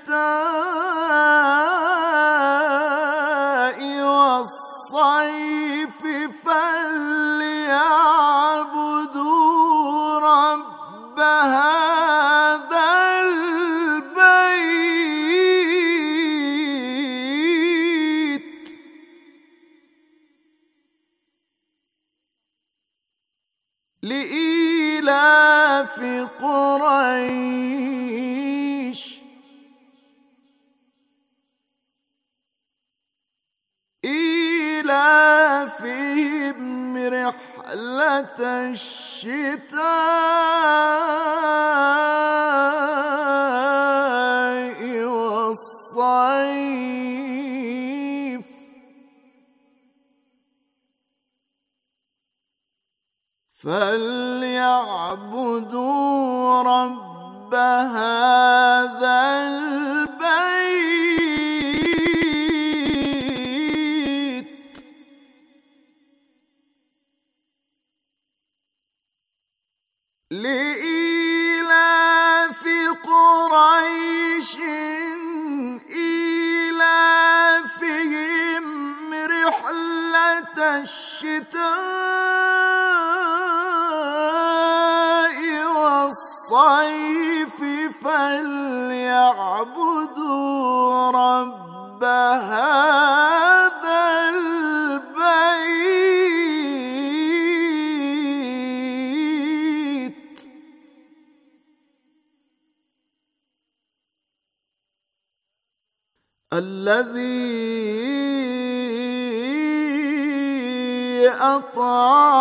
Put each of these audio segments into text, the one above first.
حتى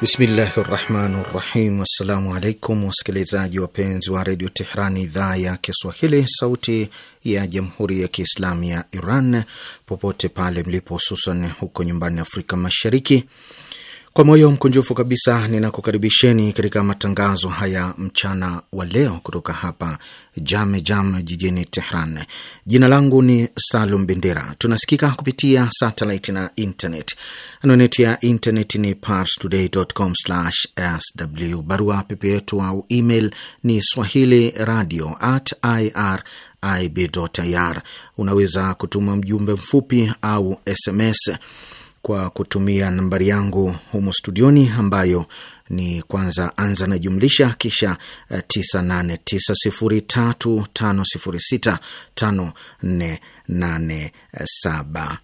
Bismillahi rahmani rahim. Assalamu alaikum wasikilizaji wapenzi wa redio Tehrani, idhaa ya Kiswahili, sauti ya jamhuri ya kiislamu ya Iran, popote pale mlipo, hususan huko nyumbani Afrika Mashariki. Kwa moyo mkunjufu kabisa ninakukaribisheni katika matangazo haya mchana wa leo kutoka hapa Jame Jam jijini Tehran. Jina langu ni Salum Bendera. Tunasikika kupitia satellite na internet. Anwani ya internet ni parstoday.com/sw. Barua pepe yetu au email ni swahili radio at ir IB.ir. Unaweza kutuma mjumbe mfupi au SMS kwa kutumia nambari yangu humo studioni ambayo ni kwanza anza na jumlisha kisha 989035065487. Eh, eh,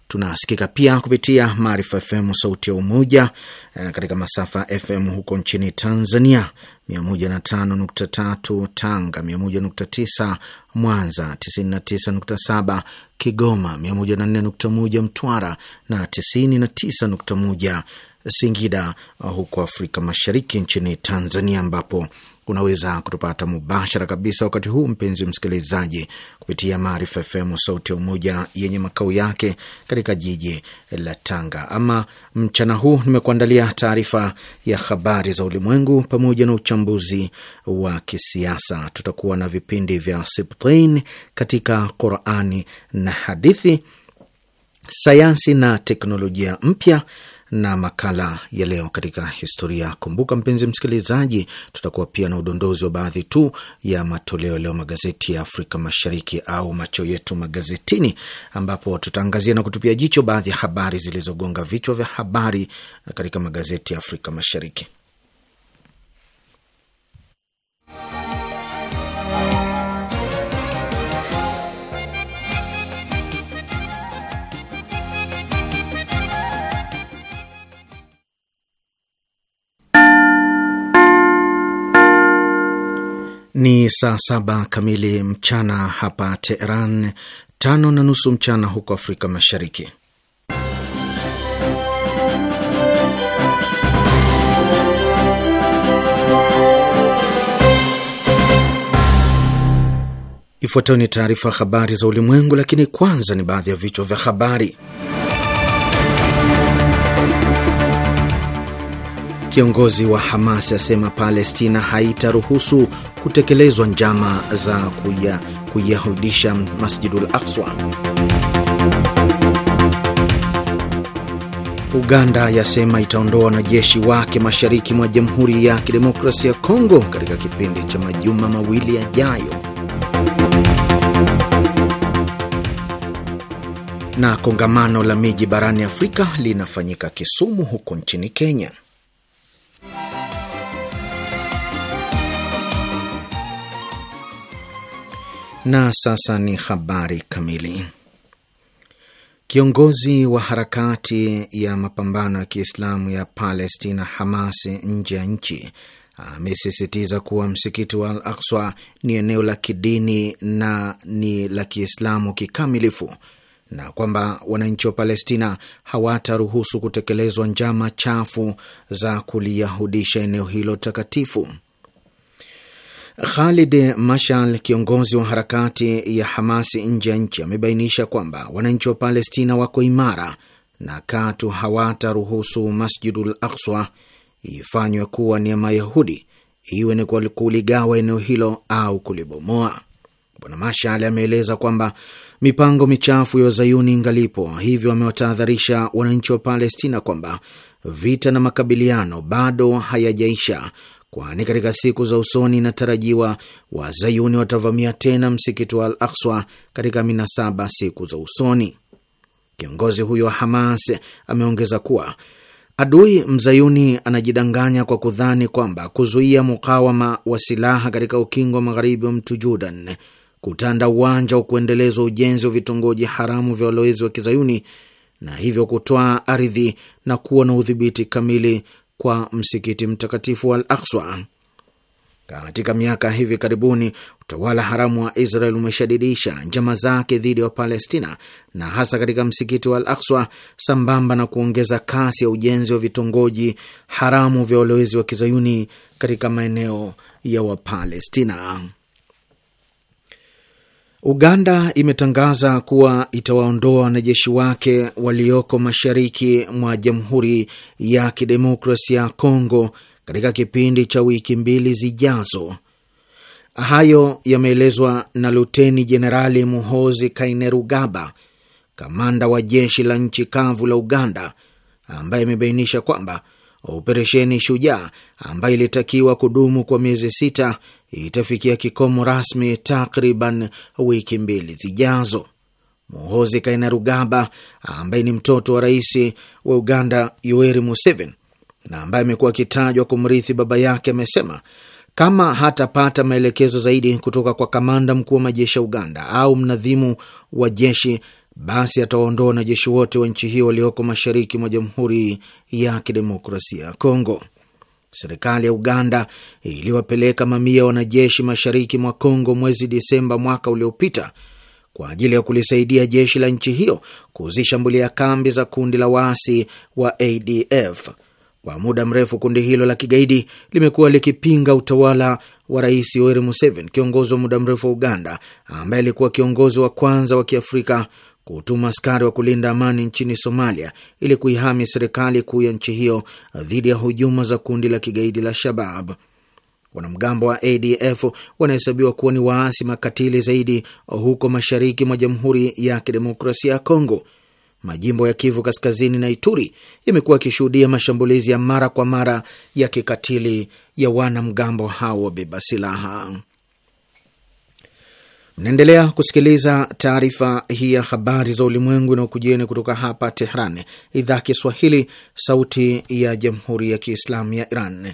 Tunasikika pia kupitia Maarifa FM sauti ya Umoja eh, katika masafa FM huko nchini Tanzania, 105.3 Tanga, 101.9 Mwanza, 99.7 Kigoma, 104.1 Mtwara na 99.1 Singida uh, huko Afrika Mashariki nchini Tanzania, ambapo unaweza kutupata mubashara kabisa wakati huu, mpenzi msikilizaji, kupitia Maarifa FM sauti ya Umoja yenye makao yake katika jiji la Tanga. Ama mchana huu nimekuandalia taarifa ya habari za ulimwengu pamoja na uchambuzi wa kisiasa. Tutakuwa na vipindi vya Sibtain katika Qurani na hadithi, sayansi na teknolojia mpya na makala ya leo katika historia. Kumbuka mpenzi msikilizaji, tutakuwa pia na udondozi wa baadhi tu ya matoleo leo magazeti ya Afrika Mashariki au macho yetu magazetini, ambapo tutaangazia na kutupia jicho baadhi ya habari zilizogonga vichwa vya habari katika magazeti ya Afrika Mashariki. Ni saa saba kamili mchana hapa Teheran, tano na nusu mchana huko Afrika Mashariki. Ifuatayo ni taarifa habari za ulimwengu, lakini kwanza ni baadhi ya vichwa vya habari. Kiongozi wa Hamas asema Palestina haitaruhusu kutekelezwa njama za kuyahudisha Masjidul akswa Uganda yasema itaondoa wanajeshi wake mashariki mwa Jamhuri ya Kidemokrasia ya Kongo katika kipindi cha majuma mawili yajayo. Na kongamano la miji barani Afrika linafanyika Kisumu huko nchini Kenya. Na sasa ni habari kamili. Kiongozi wa harakati ya mapambano ya Kiislamu ya Palestina, Hamas, nje ya nchi amesisitiza kuwa msikiti wa Al Akswa ni eneo la kidini na ni la Kiislamu kikamilifu na kwamba wananchi wa Palestina hawataruhusu kutekelezwa njama chafu za kuliyahudisha eneo hilo takatifu. Khalid Mashal, kiongozi wa harakati ya Hamasi nje ya nchi, amebainisha kwamba wananchi wa Palestina wako imara na katu hawataruhusu Masjidul Akswa ifanywe kuwa ni ya Mayahudi, iwe ni kwa kuligawa eneo hilo au kulibomoa. Bwana Mashal ameeleza kwamba mipango michafu ya wazayuni ingalipo, hivyo amewatahadharisha wananchi wa Palestina kwamba vita na makabiliano bado hayajaisha kwani katika siku za usoni inatarajiwa wazayuni watavamia tena msikiti wa Al Akswa katika minasaba siku za usoni. Kiongozi huyo wa Hamas ameongeza kuwa adui mzayuni anajidanganya kwa kudhani kwamba kuzuia mukawama wa silaha katika ukingo wa magharibi wa mtu Jordan, kutanda uwanja wa kuendelezwa ujenzi wa vitongoji haramu vya walowezi wa kizayuni na hivyo kutoa ardhi na kuwa na udhibiti kamili kwa msikiti mtakatifu wa Al Akswa. Katika miaka hivi karibuni, utawala haramu wa Israel umeshadidisha njama zake dhidi ya Wapalestina na hasa katika msikiti wa Al Akswa, sambamba na kuongeza kasi ya ujenzi wa vitongoji haramu vya walowezi wa kizayuni katika maeneo ya Wapalestina. Uganda imetangaza kuwa itawaondoa wanajeshi wake walioko mashariki mwa Jamhuri ya Kidemokrasia ya Kongo katika kipindi cha wiki mbili zijazo. Hayo yameelezwa na Luteni Jenerali Muhozi Kainerugaba, kamanda wa jeshi la nchi kavu la Uganda, ambaye amebainisha kwamba operesheni Shujaa ambayo ilitakiwa kudumu kwa miezi sita itafikia kikomo rasmi takriban wiki mbili zijazo. muhozi Kainerugaba, ambaye ni mtoto wa rais wa Uganda Yoweri Museveni na ambaye amekuwa akitajwa kumrithi baba yake, amesema kama hatapata maelekezo zaidi kutoka kwa kamanda mkuu wa majeshi ya Uganda au mnadhimu wa jeshi, basi atawaondoa wanajeshi wote wa nchi hiyo walioko mashariki mwa Jamhuri ya Kidemokrasia ya Kongo serikali ya Uganda iliwapeleka mamia wanajeshi mashariki mwa Kongo mwezi Disemba mwaka uliopita kwa ajili ya kulisaidia jeshi la nchi hiyo kuzishambulia kambi za kundi la waasi wa ADF. Kwa muda mrefu kundi hilo la kigaidi limekuwa likipinga utawala wa Rais Yoweri Museveni, kiongozi wa muda mrefu wa Uganda, ambaye alikuwa kiongozi wa kwanza wa Kiafrika kutuma askari wa kulinda amani nchini Somalia ili kuihami serikali kuu ya nchi hiyo dhidi ya hujuma za kundi la kigaidi la Shabab. Wanamgambo wa ADF wanahesabiwa kuwa ni waasi makatili zaidi huko mashariki mwa Jamhuri ya Kidemokrasia ya Kongo. Majimbo ya Kivu Kaskazini na Ituri yamekuwa yakishuhudia mashambulizi ya mara kwa mara ya kikatili ya wanamgambo hao wabeba silaha. Mnaendelea kusikiliza taarifa hii ya habari za ulimwengu na ukujeni kutoka hapa Tehran, idhaa Kiswahili, sauti ya jamhuri ya kiislamu ya Iran.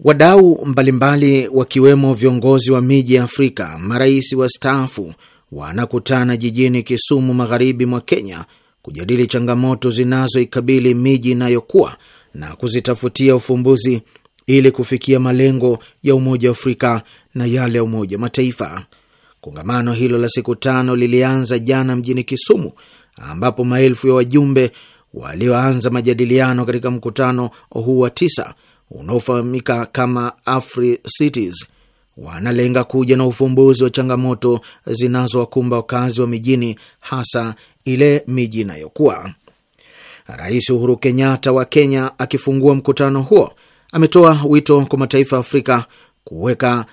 Wadau mbalimbali wakiwemo viongozi wa miji ya Afrika, marais wastaafu wanakutana jijini Kisumu, magharibi mwa Kenya, kujadili changamoto zinazoikabili miji inayokuwa na kuzitafutia ufumbuzi ili kufikia malengo ya Umoja wa Afrika na yale ya Umoja wa Mataifa. Kongamano hilo la siku tano lilianza jana mjini Kisumu, ambapo maelfu ya wajumbe walioanza majadiliano katika mkutano huu wa tisa unaofahamika kama Afri Cities wanalenga kuja na ufumbuzi wa changamoto zinazowakumba wakazi wa mijini, hasa ile miji inayokuwa. Rais Uhuru Kenyatta wa Kenya akifungua mkutano huo ametoa wito kwa mataifa ya Afrika kuweka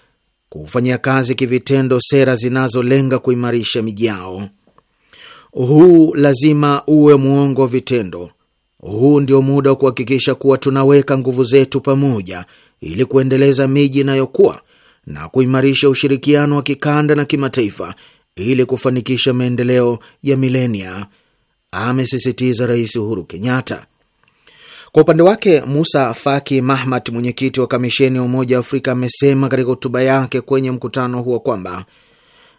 kufanyia kazi kivitendo sera zinazolenga kuimarisha miji yao. Huu lazima uwe mwongo wa vitendo. Huu ndio muda wa kuhakikisha kuwa tunaweka nguvu zetu pamoja ili kuendeleza miji inayokuwa na kuimarisha ushirikiano wa kikanda na kimataifa ili kufanikisha maendeleo ya milenia, amesisitiza Rais Uhuru Kenyatta. Kwa upande wake Musa Faki mahmat mwenyekiti wa kamisheni ya Umoja wa Afrika, amesema katika hotuba yake kwenye mkutano huo kwamba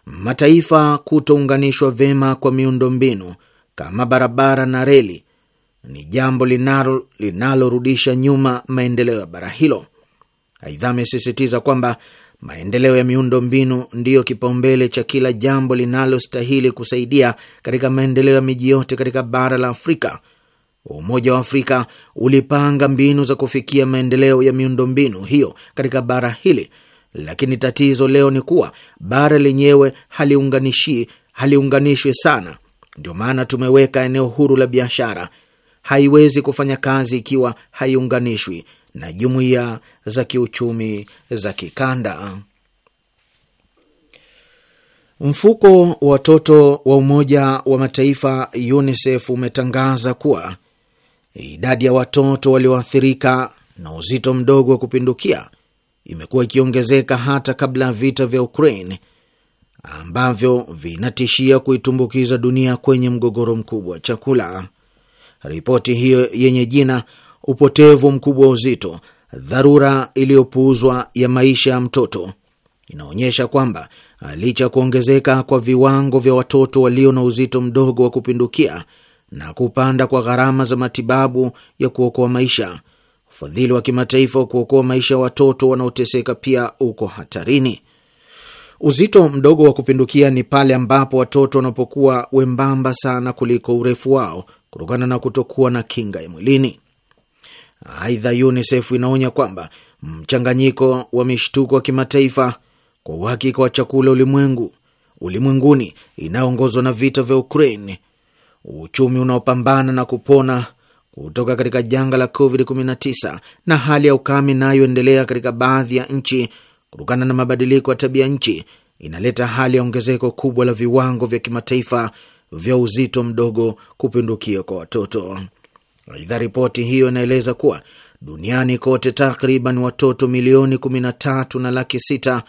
mataifa kutounganishwa vyema kwa miundo mbinu kama barabara na reli ni jambo linalorudisha nyuma maendeleo ya bara hilo. Aidha, amesisitiza kwamba maendeleo ya miundo mbinu ndiyo kipaumbele cha kila jambo linalostahili kusaidia katika maendeleo ya miji yote katika bara la Afrika Umoja wa Afrika ulipanga mbinu za kufikia maendeleo ya miundombinu hiyo katika bara hili, lakini tatizo leo ni kuwa bara lenyewe haliunganishi haliunganishwi sana. Ndio maana tumeweka eneo huru la biashara. Haiwezi kufanya kazi ikiwa haiunganishwi na jumuiya za kiuchumi za kikanda. Mfuko wa watoto wa Umoja wa Mataifa UNICEF umetangaza kuwa idadi ya watoto walioathirika na uzito mdogo wa kupindukia imekuwa ikiongezeka hata kabla ya vita vya Ukraine ambavyo vinatishia kuitumbukiza dunia kwenye mgogoro mkubwa wa chakula. Ripoti hiyo yenye jina upotevu mkubwa wa uzito, dharura iliyopuuzwa ya maisha ya mtoto inaonyesha kwamba licha ya kuongezeka kwa viwango vya watoto walio na uzito mdogo wa kupindukia na kupanda kwa gharama za matibabu ya kuokoa maisha. Ufadhili wa kimataifa wa kuokoa maisha ya watoto wanaoteseka pia uko hatarini. Uzito mdogo wa kupindukia ni pale ambapo watoto wanapokuwa wembamba sana kuliko urefu wao kutokana na kutokuwa na kinga ya mwilini. Aidha, UNICEF inaonya kwamba mchanganyiko wa mishtuko wa kimataifa kwa uhakika wa chakula ulimwengu ulimwenguni inayoongozwa na vita vya Ukraine uchumi unaopambana na kupona kutoka katika janga la COVID-19 na hali ya ukame inayoendelea katika baadhi ya nchi kutokana na mabadiliko ya tabia nchi inaleta hali ya ongezeko kubwa la viwango vya kimataifa vya uzito mdogo kupindukia kwa watoto. Aidha, ripoti hiyo inaeleza kuwa duniani kote takriban watoto milioni 13 na laki 6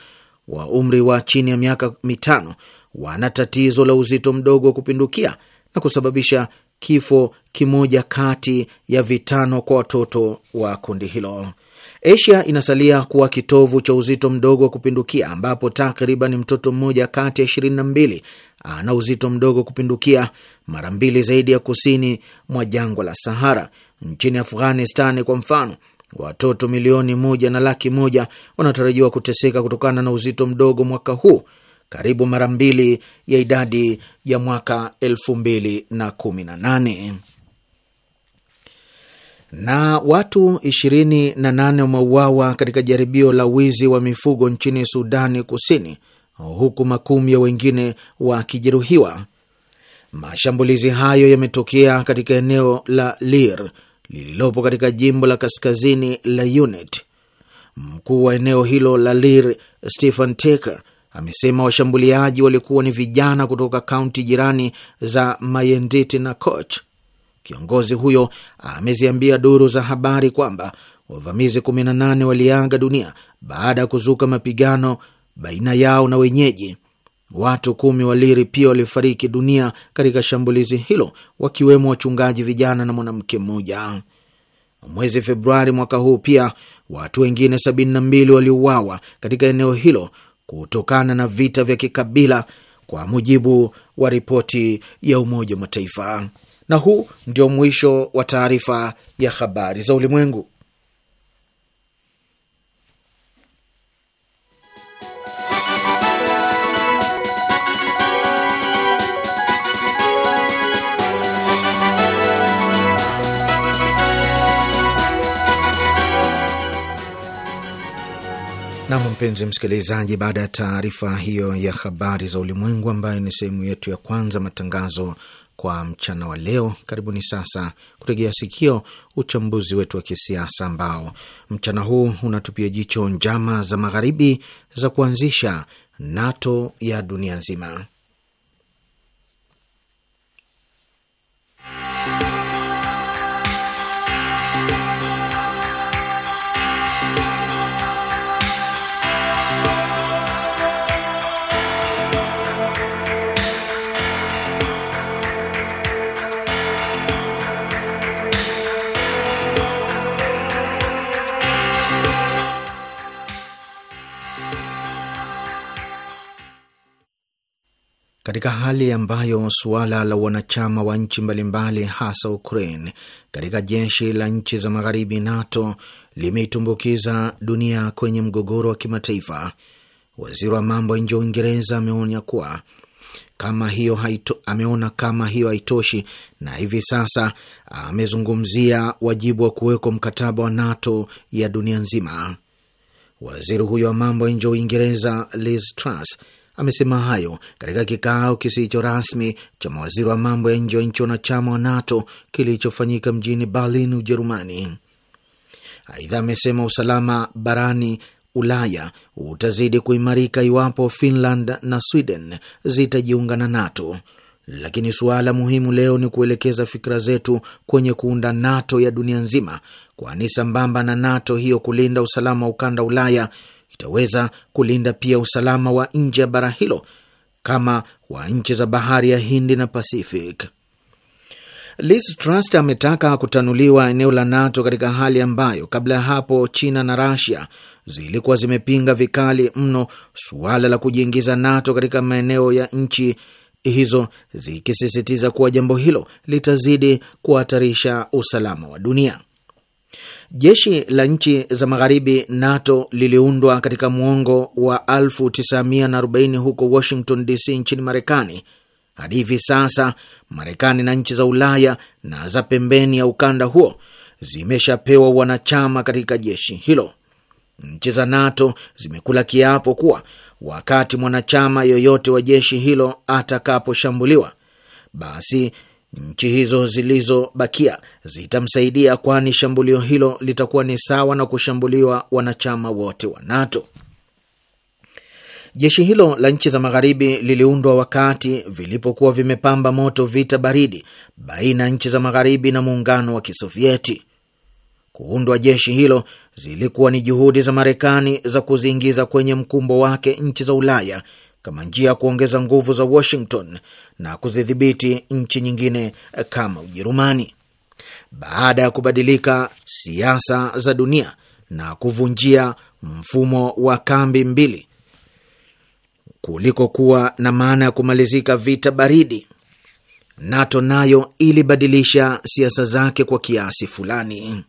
wa umri wa chini ya miaka mitano wana tatizo la uzito mdogo wa kupindukia na kusababisha kifo kimoja kati ya vitano kwa watoto wa kundi hilo. Asia inasalia kuwa kitovu cha uzito mdogo wa kupindukia ambapo takriban mtoto mmoja kati ya ishirini na mbili ana uzito mdogo kupindukia, mara mbili zaidi ya kusini mwa jangwa la Sahara. Nchini Afghanistan kwa mfano, watoto milioni moja na laki moja wanatarajiwa kuteseka kutokana na uzito mdogo mwaka huu, karibu mara mbili ya idadi ya mwaka elfu mbili na kumi na nane na watu 28 wameuawa katika jaribio la wizi wa mifugo nchini Sudani Kusini, huku makumi ya wengine wakijeruhiwa. Mashambulizi hayo yametokea katika eneo la Lir lililopo katika jimbo la kaskazini la Unit. Mkuu wa eneo hilo la Lir, Stephen Taker, amesema washambuliaji walikuwa ni vijana kutoka kaunti jirani za Mayenditi na Koch. Kiongozi huyo ameziambia duru za habari kwamba wavamizi 18 waliaga dunia baada ya kuzuka mapigano baina yao na wenyeji. Watu kumi waliri pia walifariki dunia katika shambulizi hilo, wakiwemo wachungaji vijana na mwanamke mmoja. Mwezi Februari mwaka huu pia watu wengine 72 waliuawa katika eneo hilo kutokana na vita vya kikabila, kwa mujibu wa ripoti ya Umoja wa Mataifa. Na huu ndio mwisho wa taarifa ya habari za ulimwengu. Nam, mpenzi msikilizaji, baada ya taarifa hiyo ya habari za ulimwengu ambayo ni sehemu yetu ya kwanza matangazo kwa mchana wa leo, karibuni sasa kutegea sikio uchambuzi wetu wa kisiasa ambao mchana huu unatupia jicho njama za magharibi za kuanzisha NATO ya dunia nzima. katika hali ambayo suala la wanachama wa nchi mbalimbali hasa Ukraine katika jeshi la nchi za magharibi NATO limeitumbukiza dunia kwenye mgogoro wa kimataifa. Waziri wa mambo ya nje wa Uingereza ameonya kuwa kama hiyo haito, ameona kama hiyo haitoshi, na hivi sasa amezungumzia wajibu wa kuwekwa mkataba wa NATO ya dunia nzima. Waziri huyo wa mambo ya nje wa Uingereza Liz Truss amesema hayo katika kikao kisicho rasmi cha mawaziri wa mambo ya nje wa nchi wanachama wa NATO kilichofanyika mjini Berlin, Ujerumani. Aidha, amesema usalama barani Ulaya utazidi kuimarika iwapo Finland na Sweden zitajiunga na NATO, lakini suala muhimu leo ni kuelekeza fikra zetu kwenye kuunda NATO ya dunia nzima, kwani sambamba na NATO hiyo kulinda usalama wa ukanda Ulaya itaweza kulinda pia usalama wa nje ya bara hilo kama wa nchi za bahari ya Hindi na Pacific. Liz Truss ametaka kutanuliwa eneo la NATO katika hali ambayo kabla ya hapo China na Rasia zilikuwa zimepinga vikali mno suala la kujiingiza NATO katika maeneo ya nchi hizo zikisisitiza kuwa jambo hilo litazidi kuhatarisha usalama wa dunia. Jeshi la nchi za magharibi NATO liliundwa katika mwongo wa 1940 huko Washington DC nchini Marekani. Hadi hivi sasa Marekani na nchi za Ulaya na za pembeni ya ukanda huo zimeshapewa wanachama katika jeshi hilo. Nchi za NATO zimekula kiapo kuwa wakati mwanachama yoyote wa jeshi hilo atakaposhambuliwa, basi nchi hizo zilizobakia zitamsaidia, kwani shambulio hilo litakuwa ni sawa na kushambuliwa wanachama wote wa NATO. Jeshi hilo la nchi za magharibi liliundwa wakati vilipokuwa vimepamba moto vita baridi baina ya nchi za magharibi na muungano wa Kisovieti. Kuundwa jeshi hilo zilikuwa ni juhudi za Marekani za kuziingiza kwenye mkumbo wake nchi za Ulaya kama njia ya kuongeza nguvu za Washington na kuzidhibiti nchi nyingine kama Ujerumani. Baada ya kubadilika siasa za dunia na kuvunjia mfumo wa kambi mbili kuliko kuwa na maana ya kumalizika vita baridi, NATO nayo ilibadilisha siasa zake kwa kiasi fulani.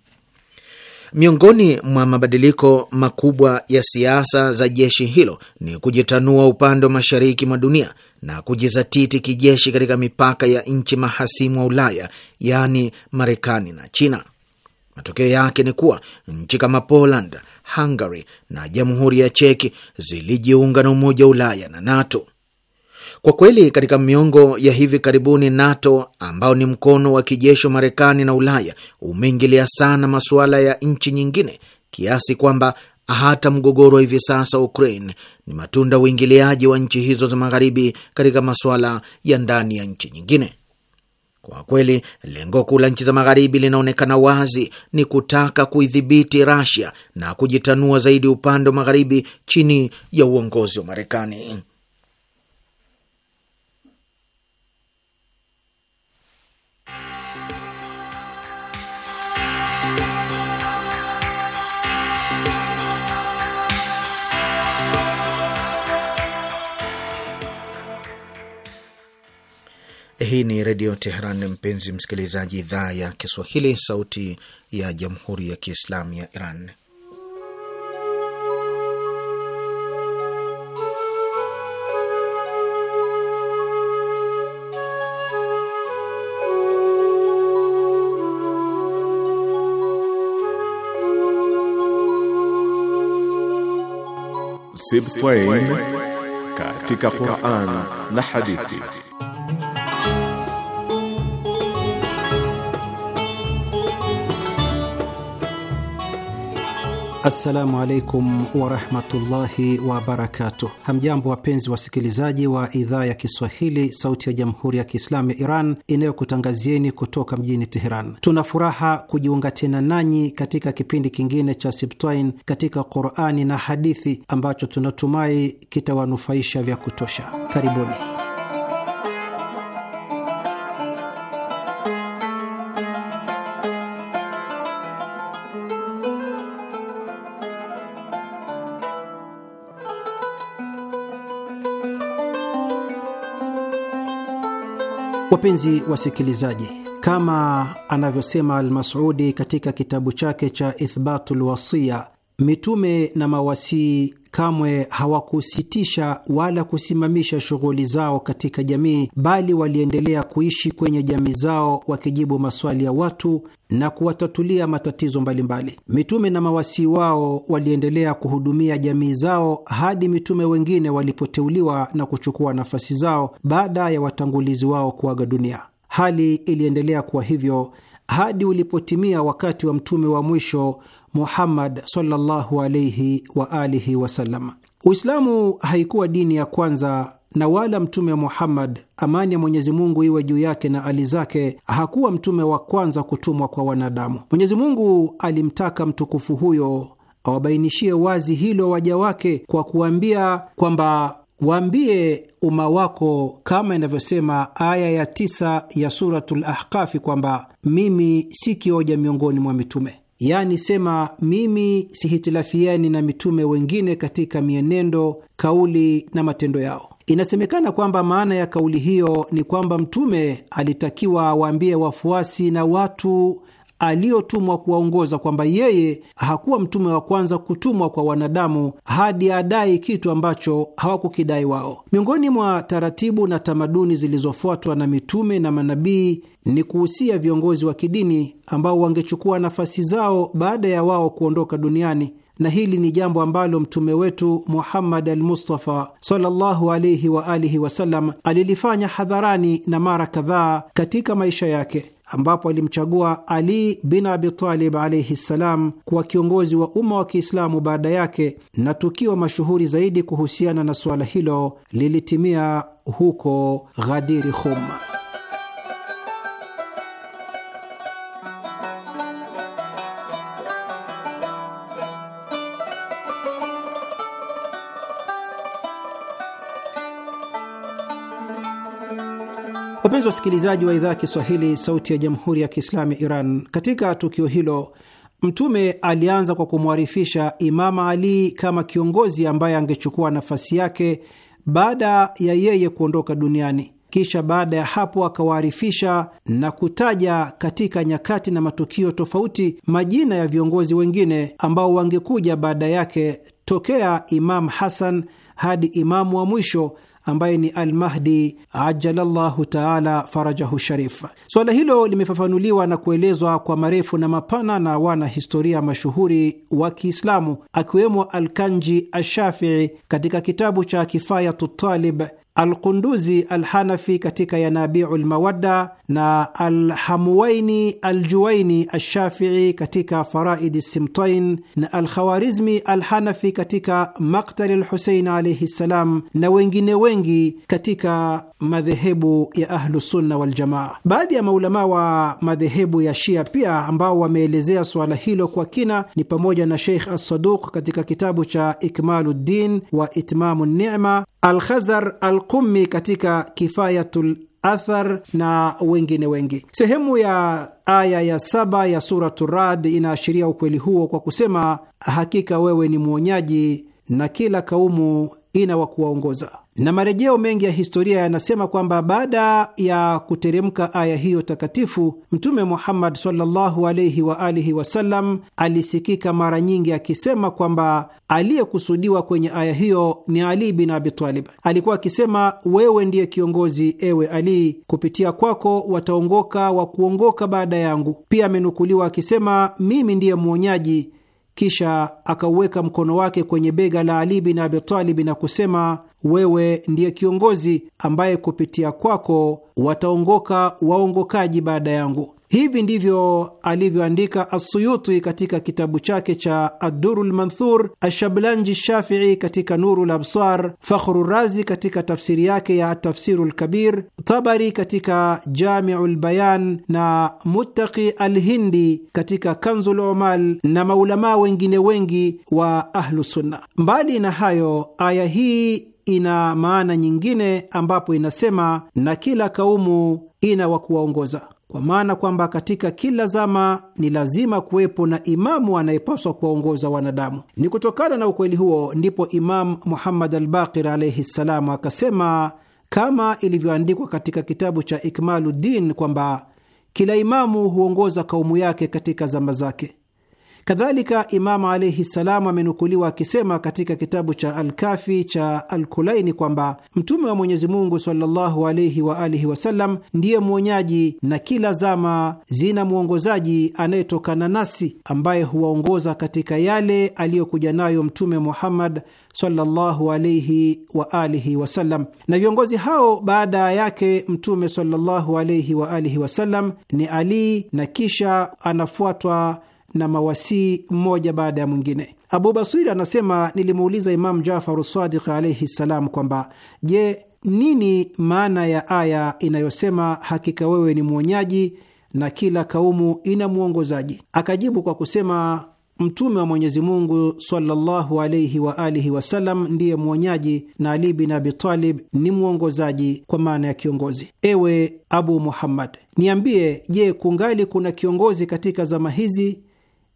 Miongoni mwa mabadiliko makubwa ya siasa za jeshi hilo ni kujitanua upande wa mashariki mwa dunia na kujizatiti kijeshi katika mipaka ya nchi mahasimu wa Ulaya, yaani Marekani na China. Matokeo yake ni kuwa nchi kama Poland, Hungary na jamhuri ya Cheki zilijiunga na Umoja wa Ulaya na NATO kwa kweli katika miongo ya hivi karibuni, NATO ambao ni mkono wa kijeshi wa Marekani na Ulaya umeingilia sana masuala ya nchi nyingine kiasi kwamba hata mgogoro wa hivi sasa Ukraine ni matunda ya uingiliaji wa nchi hizo za magharibi katika masuala ya ndani ya nchi nyingine. Kwa kweli lengo kuu la nchi za magharibi linaonekana wazi, ni kutaka kuidhibiti Russia na kujitanua zaidi upande wa magharibi chini ya uongozi wa Marekani. Hii ni Redio Teheran, mpenzi msikilizaji, idhaa ya Kiswahili, sauti ya jamhuri ya kiislamu ya Iran. Sibtain katika Quran na hadithi Assalamu alaikum warahmatullahi wabarakatuh. Hamjambo wapenzi wasikilizaji wa idhaa ya Kiswahili, sauti ya jamhuri ya kiislamu ya Iran inayokutangazieni kutoka mjini Teheran. Tuna furaha kujiunga tena nanyi katika kipindi kingine cha Sibtain katika Qurani na hadithi ambacho tunatumai kitawanufaisha vya kutosha. Karibuni. Wapenzi wasikilizaji, kama anavyosema Almasudi katika kitabu chake cha Ithbatul Wasiya mitume na mawasii kamwe hawakusitisha wala kusimamisha shughuli zao katika jamii, bali waliendelea kuishi kwenye jamii zao wakijibu maswali ya watu na kuwatatulia matatizo mbalimbali. Mitume na mawasii wao waliendelea kuhudumia jamii zao hadi mitume wengine walipoteuliwa na kuchukua nafasi zao baada ya watangulizi wao kuaga dunia. Hali iliendelea kuwa hivyo hadi ulipotimia wakati wa mtume wa mwisho Muhammad sallallahu alaihi wa alihi wasallam. Uislamu haikuwa dini ya kwanza na wala Mtume Muhammad, amani ya Mwenyezi Mungu iwe juu yake na ali zake, hakuwa mtume wa kwanza kutumwa kwa wanadamu. Mwenyezi Mungu alimtaka mtukufu huyo awabainishie wazi hilo waja wake kwa kuambia kwamba waambie umma wako kama inavyosema aya ya tisa ya Suratul Ahkafi kwamba mimi si kioja miongoni mwa mitume yaani sema, mimi sihitilafiani na mitume wengine katika mienendo, kauli na matendo yao. Inasemekana kwamba maana ya kauli hiyo ni kwamba mtume alitakiwa awaambie wafuasi na watu aliyotumwa kuwaongoza kwamba yeye hakuwa mtume wa kwanza kutumwa kwa wanadamu hadi adai kitu ambacho hawakukidai wao. Miongoni mwa taratibu na tamaduni zilizofuatwa na mitume na manabii ni kuhusia viongozi wa kidini ambao wangechukua nafasi zao baada ya wao kuondoka duniani na hili ni jambo ambalo mtume wetu Muhammad al sallallahu alaihi wa alihi wasallam alilifanya hadharani na mara kadhaa katika maisha yake ambapo alimchagua Ali bin Abitalib alaihi ssalam kuwa kiongozi wa umma wa Kiislamu baada yake, na tukio mashuhuri zaidi kuhusiana na suala hilo lilitimia huko Ghadiri Khumma. Wapenzi wasikilizaji wa idhaa ya Kiswahili, Sauti ya Jamhuri ya Kiislamu ya Iran, katika tukio hilo Mtume alianza kwa kumwarifisha Imama Ali kama kiongozi ambaye angechukua nafasi yake baada ya yeye kuondoka duniani. Kisha baada ya hapo akawaarifisha na kutaja katika nyakati na matukio tofauti majina ya viongozi wengine ambao wangekuja baada yake tokea Imam Hasan hadi imamu wa mwisho ambaye ni Almahdi ajalallahu taala farajahu sharif. Suala hilo limefafanuliwa na kuelezwa kwa marefu na mapana na wanahistoria mashuhuri wa Kiislamu akiwemo Alkanji Ashafii katika kitabu cha Kifayatu Talib Alqunduzi Alhanafi katika Yanabiu Lmawadda na Alhamuwaini Aljuwaini Alshafii katika Faraidi Simtain na Alkhawarizmi Alhanafi katika Maktali Lhusein alaihi ssalam na wengine wengi katika madhehebu ya Ahlusunna Waljamaa. Baadhi ya maulamaa wa madhehebu ya Shia pia ambao wameelezea suala hilo kwa kina ni pamoja na Sheikh Assaduq katika kitabu cha ikmalu Ddin wa Itmamu Nema, Alkhazar Alqummi katika Kifayatu athar na wengine wengi. Sehemu ya aya ya saba ya Suratu Rad inaashiria ukweli huo kwa kusema, hakika wewe ni mwonyaji na kila kaumu ina wa kuwaongoza na marejeo mengi ya historia yanasema kwamba baada ya kuteremka aya hiyo takatifu, Mtume Muhammad sallallahu alaihi wa alihi wasallam alisikika mara nyingi akisema kwamba aliyekusudiwa kwenye aya hiyo ni Ali bin Abi Talib. Alikuwa akisema, wewe ndiye kiongozi, ewe Ali, kupitia kwako wataongoka wa kuongoka baada yangu. Pia amenukuliwa akisema, mimi ndiye mwonyaji kisha akauweka mkono wake kwenye bega la Ali bin Abi Talib na kusema, wewe ndiye kiongozi ambaye kupitia kwako wataongoka waongokaji baada yangu. Hivi ndivyo alivyoandika Assuyuti katika kitabu chake cha Adduru lmanthur, Ashablanji Shafii katika Nuru labsar, Fakhru Razi katika tafsiri yake ya Tafsiru lkabir, Tabari katika Jamiu lbayan na Muttaqi Alhindi katika Kanzu omal na maulamaa wengine wengi wa Ahlusunna. Mbali na hayo, aya hii ina maana nyingine ambapo inasema, na kila kaumu ina wa kuwaongoza kwa maana kwamba katika kila zama ni lazima kuwepo na imamu anayepaswa kuwaongoza wanadamu. Ni kutokana na ukweli huo ndipo Imamu Muhammad Albaqir alaihi ssalam akasema kama ilivyoandikwa katika kitabu cha Ikmaluddin kwamba kila imamu huongoza kaumu yake katika zama zake. Kadhalika, Imamu alaihi ssalam amenukuliwa akisema katika kitabu cha Alkafi cha Alkulaini kwamba Mtume wa Mwenyezi Mungu sallallahu alaihi wasallam ndiye mwonyaji na kila zama zina mwongozaji anayetokana nasi, ambaye huwaongoza katika yale aliyokuja nayo Mtume Muhammad sallallahu alaihi wasallam. Na viongozi hao baada yake Mtume sallallahu alaihi wasallam ni Ali na kisha anafuatwa na mawasii mmoja baada ya mwingine. Abu Basir anasema nilimuuliza Imamu Jafaru Sadiq alaihi ssalam kwamba je, nini maana ya aya inayosema hakika wewe ni mwonyaji na kila kaumu ina mwongozaji? Akajibu kwa kusema Mtume wa Mwenyezi Mungu sallallahu alaihi wa alihi wasallam ndiye mwonyaji na Ali bin Abi Talib ni mwongozaji kwa maana ya kiongozi. Ewe Abu Muhammad, niambie, je, kungali kuna kiongozi katika zama hizi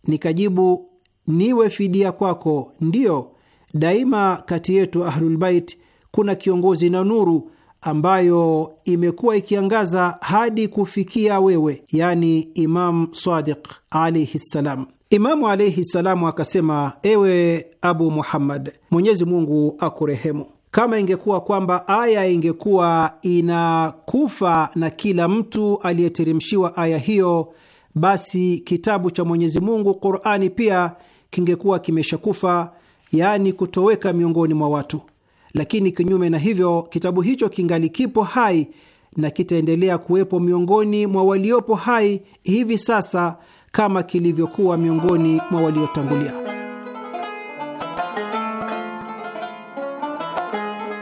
Nikajibu, niwe fidia kwako. Ndiyo, daima kati yetu Ahlulbait kuna kiongozi na nuru ambayo imekuwa ikiangaza hadi kufikia wewe, yani Imam Sadiq alaihi ssalam. Imamu alaihi ssalamu akasema, ewe Abu Muhammad, Mwenyezi Mungu akurehemu. Kama ingekuwa kwamba aya ingekuwa inakufa na kila mtu aliyeteremshiwa aya hiyo basi kitabu cha Mwenyezi Mungu Qur'ani pia kingekuwa kimeshakufa, yaani kutoweka miongoni mwa watu. Lakini kinyume na hivyo, kitabu hicho kingali kipo hai na kitaendelea kuwepo miongoni mwa waliopo hai hivi sasa kama kilivyokuwa miongoni mwa waliotangulia.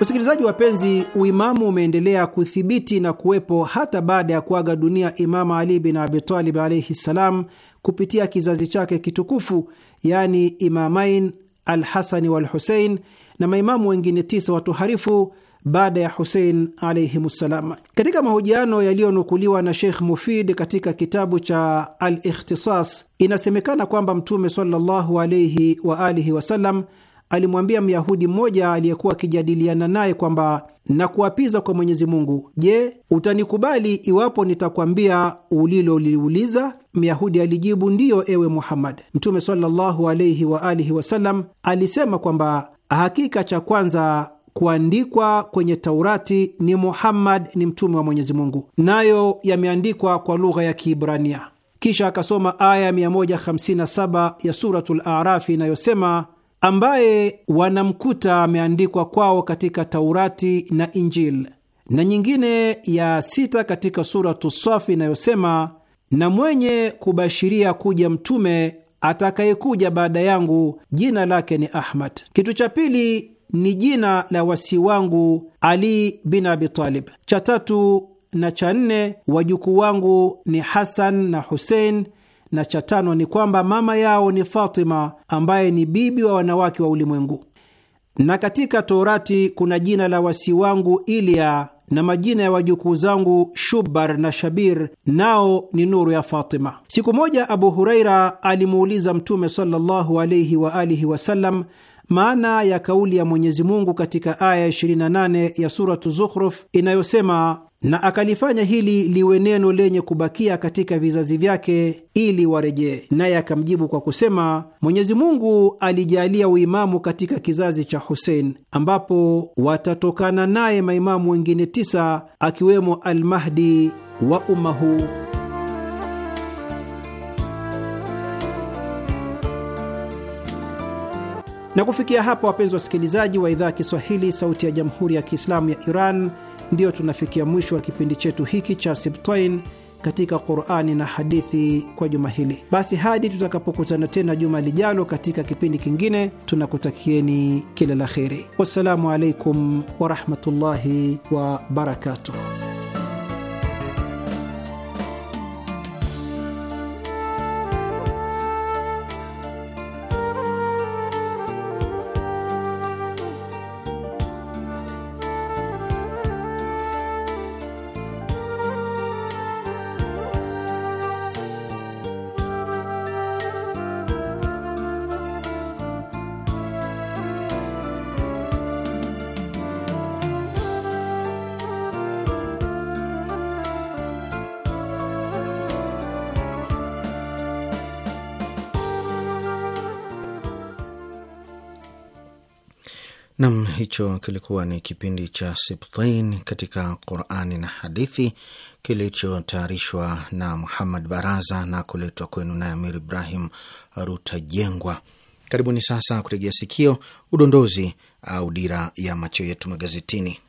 Wasikilizaji wapenzi, uimamu umeendelea kuthibiti na kuwepo hata baada ya kuaga dunia Imamu Ali bin Abitalib alaihi ssalam, kupitia kizazi chake kitukufu, yaani Imamain Alhasani Walhusein na maimamu wengine tisa watuharifu baada ya Husein alaihim ssalam. Katika mahojiano yaliyonukuliwa na Sheikh Mufid katika kitabu cha Al Ikhtisas, inasemekana kwamba Mtume sallallahu alaihi waalihi wasallam alimwambia Myahudi mmoja aliyekuwa akijadiliana naye kwamba na kwa Mwenyezi Mungu, je, utanikubali iwapo nitakwambia uliloliuliza? Myahudi alijibu, ndiyo, ewe Muhammad. Mtume sallallahu wa alihi wasallam alisema kwamba hakika cha kwanza kuandikwa kwenye Taurati ni Muhammad ni mtume wa Mwenyezi Mungu, nayo yameandikwa kwa lugha ya Kiibrania. Kisha akasoma aya 157 ya Suratul Arafi inayosema ambaye wanamkuta ameandikwa kwao katika Taurati na Injili, na nyingine ya sita katika Suratu Safi inayosema, na mwenye kubashiria kuja mtume atakayekuja baada yangu, jina lake ni Ahmad. Kitu cha pili ni jina la wasii wangu Ali bin Abitalib. Cha tatu na cha nne wajukuu wangu ni Hasan na Husein na cha tano ni kwamba mama yao ni Fatima ambaye ni bibi wa wanawake wa ulimwengu. Na katika Torati kuna jina la wasi wangu Ilya na majina ya wajukuu zangu Shubar na Shabir, nao ni nuru ya Fatima. Siku moja Abu Huraira alimuuliza Mtume sallallahu alaihi wa alihi wasallam maana ya kauli ya Mwenyezi Mungu katika aya 28 ya suratu Zukhruf inayosema na akalifanya hili liwe neno lenye kubakia katika vizazi vyake ili warejee. Naye akamjibu kwa kusema, Mwenyezi Mungu alijalia uimamu katika kizazi cha Husein, ambapo watatokana naye maimamu wengine tisa akiwemo Almahdi wa umma huu. Na kufikia hapa, wapenzi wasikilizaji wa idhaa ya Kiswahili, Sauti ya Jamhuri ya Kiislamu ya Iran Ndiyo tunafikia mwisho wa kipindi chetu hiki cha Sibtain katika Qurani na hadithi kwa juma hili. Basi hadi tutakapokutana tena juma lijalo katika kipindi kingine, tunakutakieni kila la kheri. Wassalamu alaikum warahmatullahi wabarakatuh. hicho kilikuwa ni kipindi cha Sibtain katika Qurani na Hadithi kilichotayarishwa na Muhammad Baraza na kuletwa kwenu na Amir Ibrahim Rutajengwa. Karibuni sasa kutegea sikio udondozi au dira ya macho yetu magazetini.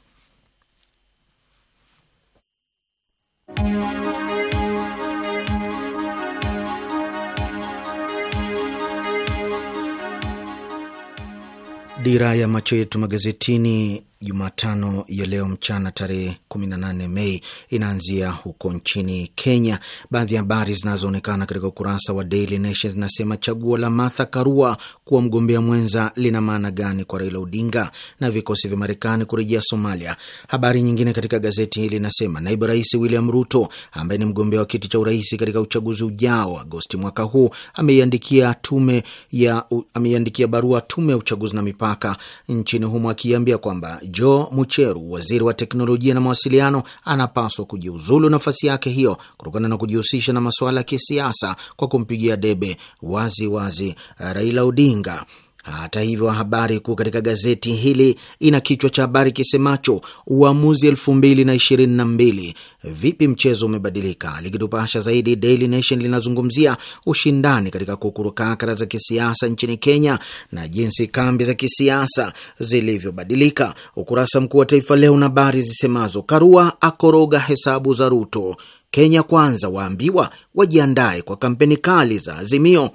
Dira ya macho yetu magazetini Jumatano ya leo mchana tarehe 18 Mei inaanzia huko nchini Kenya. Baadhi ya habari zinazoonekana katika ukurasa wa Daily Nation zinasema chaguo la Martha Karua kuwa mgombea mwenza lina maana gani kwa Raila Odinga na vikosi vya Marekani kurejea Somalia. Habari nyingine katika gazeti hili inasema naibu rais William Ruto ambaye ni mgombea wa kiti cha urais katika uchaguzi ujao Agosti mwaka huu ameiandikia tume ya ameiandikia barua tume ya uchaguzi na mipaka nchini humo akiambia kwamba Joe Mucheru, waziri wa teknolojia na mawasiliano, anapaswa kujiuzulu nafasi yake hiyo kutokana na kujihusisha na masuala ya kisiasa kwa kumpigia debe wazi wazi eh, Raila Odinga hata hivyo, habari kuu katika gazeti hili ina kichwa cha habari kisemacho uamuzi 222 vipi mchezo umebadilika. Likitupasha zaidi, Daily Nation linazungumzia ushindani katika kukurukakara za kisiasa nchini Kenya na jinsi kambi za kisiasa zilivyobadilika. Ukurasa mkuu wa Taifa Leo na habari zisemazo Karua akoroga hesabu za Ruto, Kenya Kwanza waambiwa wajiandae kwa kampeni kali za Azimio.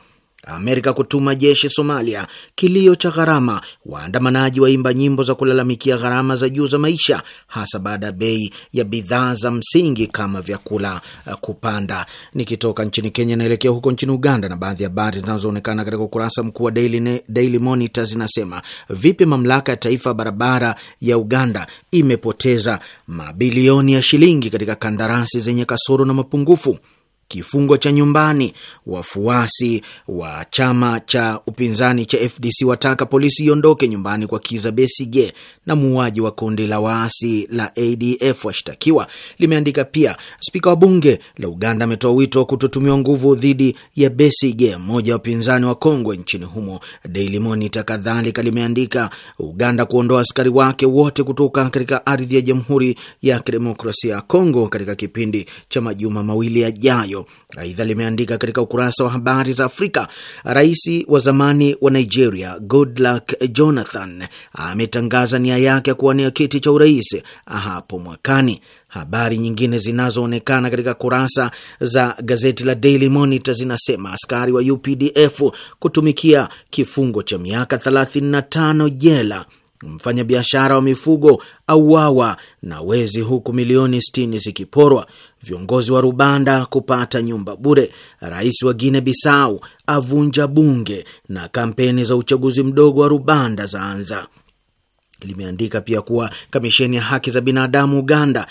Amerika kutuma jeshi Somalia, kilio cha gharama, waandamanaji waimba nyimbo za kulalamikia gharama za juu za maisha, hasa baada ya bei ya bidhaa za msingi kama vyakula eh, kupanda. Nikitoka nchini Kenya naelekea huko nchini Uganda, na baadhi ya habari zinazoonekana katika ukurasa mkuu wa Daily, Daily Monitor zinasema vipi mamlaka ya taifa barabara ya Uganda imepoteza mabilioni ya shilingi katika kandarasi zenye kasoro na mapungufu kifungo cha nyumbani. Wafuasi wa chama cha upinzani cha FDC wataka polisi iondoke nyumbani kwa Kiza Besige. Na muuaji wa kundi la waasi la ADF washtakiwa, limeandika pia. Spika wa bunge la Uganda ametoa wito wa kutotumiwa nguvu dhidi ya Besige, mmoja wa upinzani wa kongwe nchini humo. Daily Monitor kadhalika limeandika Uganda kuondoa askari wake wote kutoka katika ardhi ya Jamhuri ya Kidemokrasia ya Kongo katika kipindi cha majuma mawili yajayo hiyo. Aidha, limeandika katika ukurasa wa habari za Afrika, rais wa zamani wa Nigeria Goodluck Jonathan ametangaza nia yake ya kuwania kiti cha urais hapo mwakani. Habari nyingine zinazoonekana katika kurasa za gazeti la Daily Monitor zinasema askari wa UPDF kutumikia kifungo cha miaka 35 jela, mfanyabiashara wa mifugo auawa na wezi, huku milioni 60 zikiporwa viongozi wa Rubanda kupata nyumba bure, rais wa Guine Bisau avunja bunge na kampeni za uchaguzi mdogo wa Rubanda zaanza. Limeandika pia kuwa kamisheni ya haki za binadamu Uganda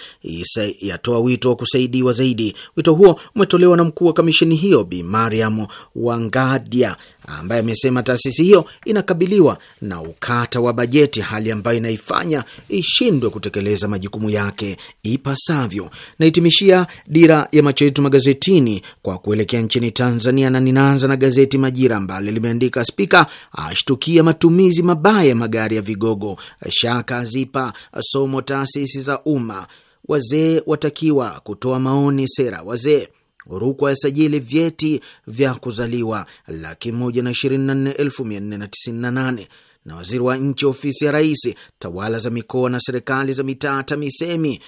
yatoa wito wa kusaidiwa zaidi. Wito huo umetolewa na mkuu wa kamisheni hiyo Bi Mariam Wangadia ambaye amesema taasisi hiyo inakabiliwa na ukata wa bajeti, hali ambayo inaifanya ishindwe kutekeleza majukumu yake ipasavyo. Nahitimishia dira ya macho yetu magazetini kwa kuelekea nchini Tanzania, na ninaanza na gazeti Majira ambalo limeandika Spika ashtukia matumizi mabaya ya magari ya vigogo, shaka zipa somo taasisi za umma, wazee watakiwa kutoa maoni sera, wazee Rukwa yasajili vyeti vya kuzaliwa laki moja na ishirini na nne elfu mia nne na tisini na nane na waziri wa nchi ofisi ya rais tawala za mikoa na serikali za mitaa TAMISEMI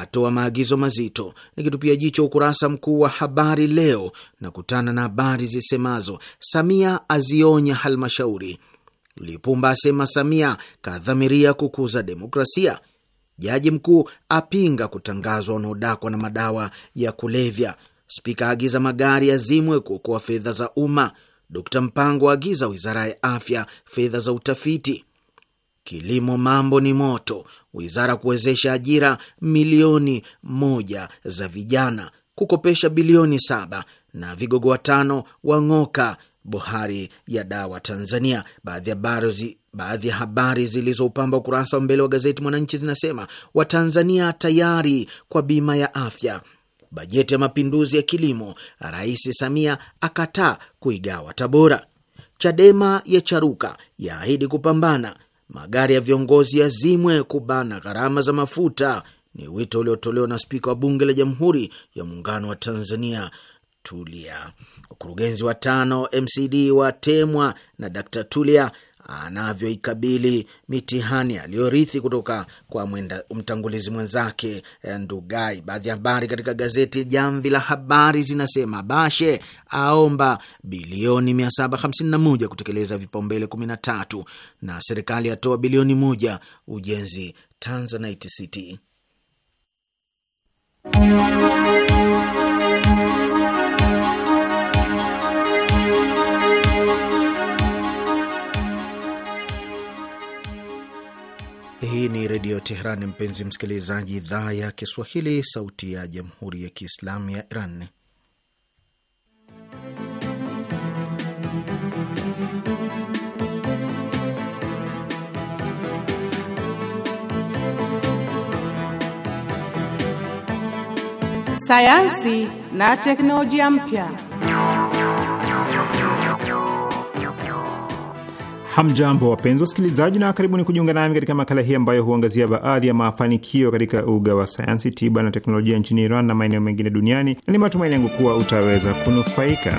atoa maagizo mazito. Nikitupia jicho ukurasa mkuu wa habari leo, na kutana na habari zisemazo Samia azionya halmashauri, Lipumba asema Samia kadhamiria kukuza demokrasia, jaji mkuu apinga kutangazwa wanaodakwa na madawa ya kulevya, Spika aagiza magari yazimwe kuokoa fedha za umma. Dkt Mpango aagiza wizara ya afya fedha za utafiti. Kilimo mambo ni moto, wizara kuwezesha ajira milioni moja za vijana, kukopesha bilioni saba na vigogo watano wang'oka bohari ya dawa Tanzania. Baadhi ya barozi baadhi ya habari zilizoupamba ukurasa wa mbele wa gazeti Mwananchi zinasema Watanzania tayari kwa bima ya afya bajeti ya mapinduzi ya kilimo, Rais Samia akataa kuigawa Tabora. Chadema ya charuka yaahidi kupambana. Magari ya viongozi yazimwe kubana gharama za mafuta, ni wito uliotolewa na spika wa bunge la Jamhuri ya Muungano wa Tanzania Tulia. Wakurugenzi watano MCD watemwa na Dr. Tulia anavyoikabili mitihani aliyorithi kutoka kwa mwenda, mtangulizi mwenzake eh, Ndugai. Baadhi ya habari katika gazeti Jamvi la Habari zinasema Bashe aomba bilioni 751 kutekeleza vipaumbele 13 na serikali yatoa bilioni moja ujenzi Tanzanite City. Hii ni Redio Teheran, mpenzi msikilizaji, idhaa ya Kiswahili, sauti ya Jamhuri ya Kiislamu ya Iran. Sayansi na teknolojia mpya. Hamjambo, wapenzi wasikilizaji, na karibuni kujiunga nami katika makala hii ambayo huangazia baadhi ya mafanikio katika uga wa sayansi, tiba na teknolojia nchini Iran na maeneo mengine duniani, na ni matumaini yangu kuwa utaweza kunufaika.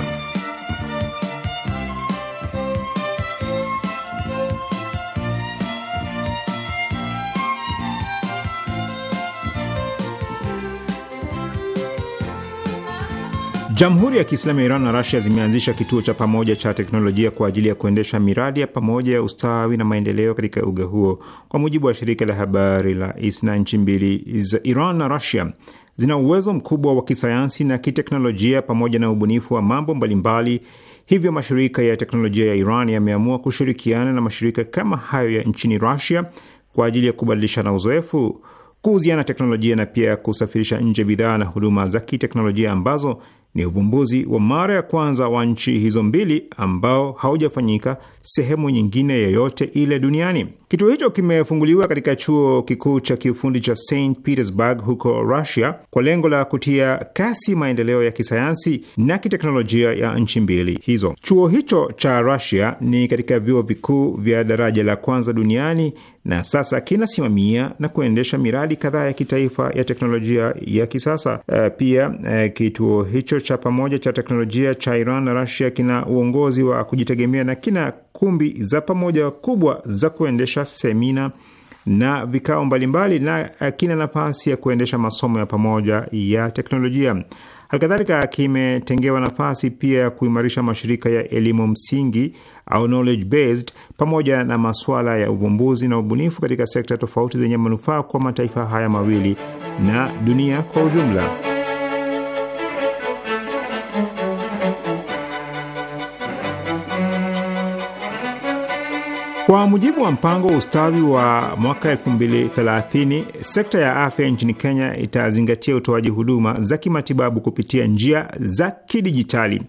Jamhuri ya Kiislamu ya Iran na Rasia zimeanzisha kituo cha pamoja cha teknolojia kwa ajili ya kuendesha miradi ya pamoja ya ustawi na maendeleo katika uga huo. Kwa mujibu wa shirika la habari la ISNA, nchi mbili za Iran na Rasia zina uwezo mkubwa wa kisayansi na kiteknolojia pamoja na ubunifu wa mambo mbalimbali. Hivyo mashirika ya teknolojia ya Iran yameamua kushirikiana na mashirika kama hayo ya nchini Rasia kwa ajili ya kubadilishana uzoefu, kuuziana teknolojia na pia kusafirisha nje bidhaa na huduma za kiteknolojia ambazo ni uvumbuzi wa mara ya kwanza wa nchi hizo mbili ambao haujafanyika sehemu nyingine yoyote ile duniani. Kituo hicho kimefunguliwa katika chuo kikuu cha kiufundi cha St Petersburg huko Russia kwa lengo la kutia kasi maendeleo ya kisayansi na kiteknolojia ya nchi mbili hizo. Chuo hicho cha Russia ni katika vyuo vikuu vya daraja la kwanza duniani na sasa kinasimamia na kuendesha miradi kadhaa ya kitaifa ya teknolojia ya kisasa. Eh, pia eh, kituo hicho cha pamoja cha teknolojia cha Iran na Russia kina uongozi wa kujitegemea na kina kumbi za pamoja kubwa za kuendesha semina na vikao mbalimbali na eh, kina nafasi ya kuendesha masomo ya pamoja ya teknolojia. Halikadhalika kimetengewa nafasi pia ya kuimarisha mashirika ya elimu msingi au knowledge based, pamoja na masuala ya uvumbuzi na ubunifu katika sekta tofauti zenye manufaa kwa mataifa haya mawili na dunia kwa ujumla. Kwa mujibu wa mpango wa ustawi wa mwaka 2030 sekta ya afya nchini Kenya itazingatia utoaji huduma za kimatibabu kupitia njia za kidijitali.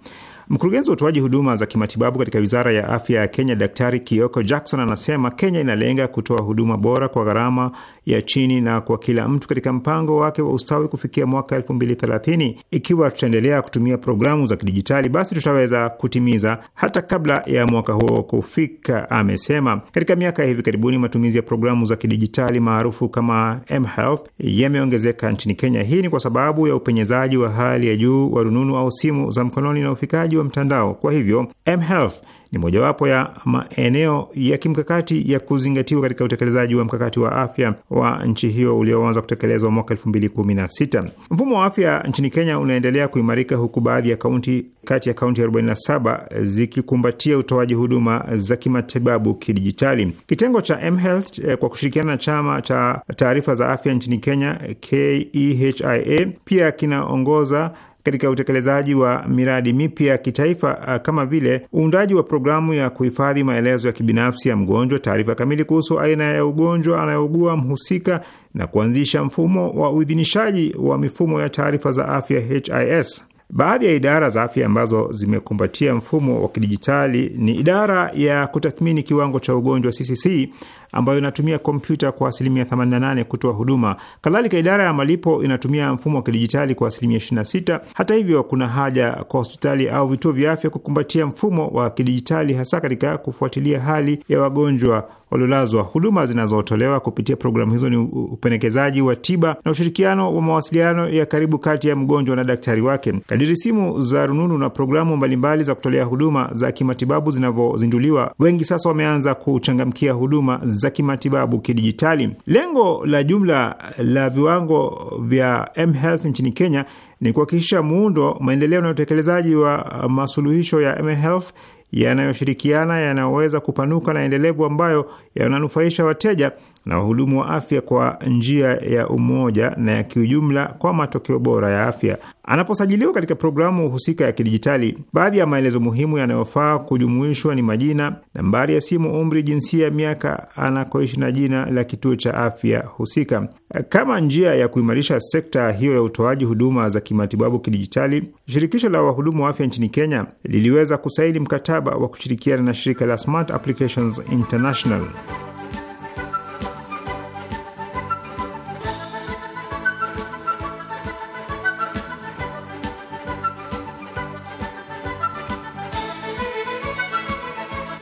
Mkurugenzi wa utoaji huduma za kimatibabu katika wizara ya afya ya Kenya, Daktari Kioko Jackson, anasema Kenya inalenga kutoa huduma bora kwa gharama ya chini na kwa kila mtu katika mpango wake wa ustawi kufikia mwaka 2030. Ikiwa tutaendelea kutumia programu za kidijitali, basi tutaweza kutimiza hata kabla ya mwaka huo kufika, amesema. Katika miaka ya hivi karibuni, matumizi ya programu za kidijitali maarufu kama mHealth yameongezeka nchini Kenya. Hii ni kwa sababu ya upenyezaji wa hali ya juu wa rununu au simu za mkononi na ufikaji wa mtandao. Kwa hivyo mHealth ni mojawapo ya maeneo ya kimkakati ya kuzingatiwa katika utekelezaji wa mkakati wa afya wa nchi hiyo ulioanza kutekelezwa mwaka elfu mbili kumi na sita. Mfumo wa afya nchini Kenya unaendelea kuimarika huku baadhi ya kaunti kati ya kaunti 47 zikikumbatia utoaji huduma za kimatibabu kidijitali. Kitengo cha mHealth eh, kwa kushirikiana na chama cha taarifa za afya nchini Kenya KEHIA pia kinaongoza katika utekelezaji wa miradi mipya ya kitaifa uh, kama vile uundaji wa programu ya kuhifadhi maelezo ya kibinafsi ya mgonjwa, taarifa kamili kuhusu aina ya ugonjwa anayougua mhusika, na kuanzisha mfumo wa uidhinishaji wa mifumo ya taarifa za afya HIS. Baadhi ya idara za afya ambazo zimekumbatia mfumo wa kidijitali ni idara ya kutathmini kiwango cha ugonjwa CCC ambayo inatumia kompyuta kwa asilimia 88 kutoa huduma. Kadhalika, idara ya malipo inatumia mfumo wa kidijitali kwa asilimia 26. Hata hivyo, kuna haja kwa hospitali au vituo vya afya kukumbatia mfumo wa kidijitali, hasa katika kufuatilia hali ya wagonjwa waliolazwa. Huduma zinazotolewa kupitia programu hizo ni upendekezaji wa tiba na ushirikiano wa mawasiliano ya karibu kati ya mgonjwa na daktari wake. Kadiri simu za rununu na programu mbalimbali za kutolea huduma za kimatibabu zinavyozinduliwa, wengi sasa wameanza kuchangamkia huduma za kimatibabu kidijitali. Lengo la jumla la viwango vya mHealth nchini Kenya ni kuhakikisha muundo, maendeleo na utekelezaji wa masuluhisho ya mHealth yanayoshirikiana, yanayoweza kupanuka na endelevu, ambayo yananufaisha wateja na wahudumu wa afya kwa njia ya umoja na ya kiujumla kwa matokeo bora ya afya. Anaposajiliwa katika programu husika ya kidijitali, baadhi ya maelezo muhimu yanayofaa kujumuishwa ni majina, nambari ya simu, umri, jinsia, miaka anakoishi na jina la kituo cha afya husika. Kama njia ya kuimarisha sekta hiyo ya utoaji huduma za kimatibabu kidijitali, shirikisho la wahudumu wa afya nchini Kenya liliweza kusaini mkataba wa kushirikiana na shirika la Smart Applications International.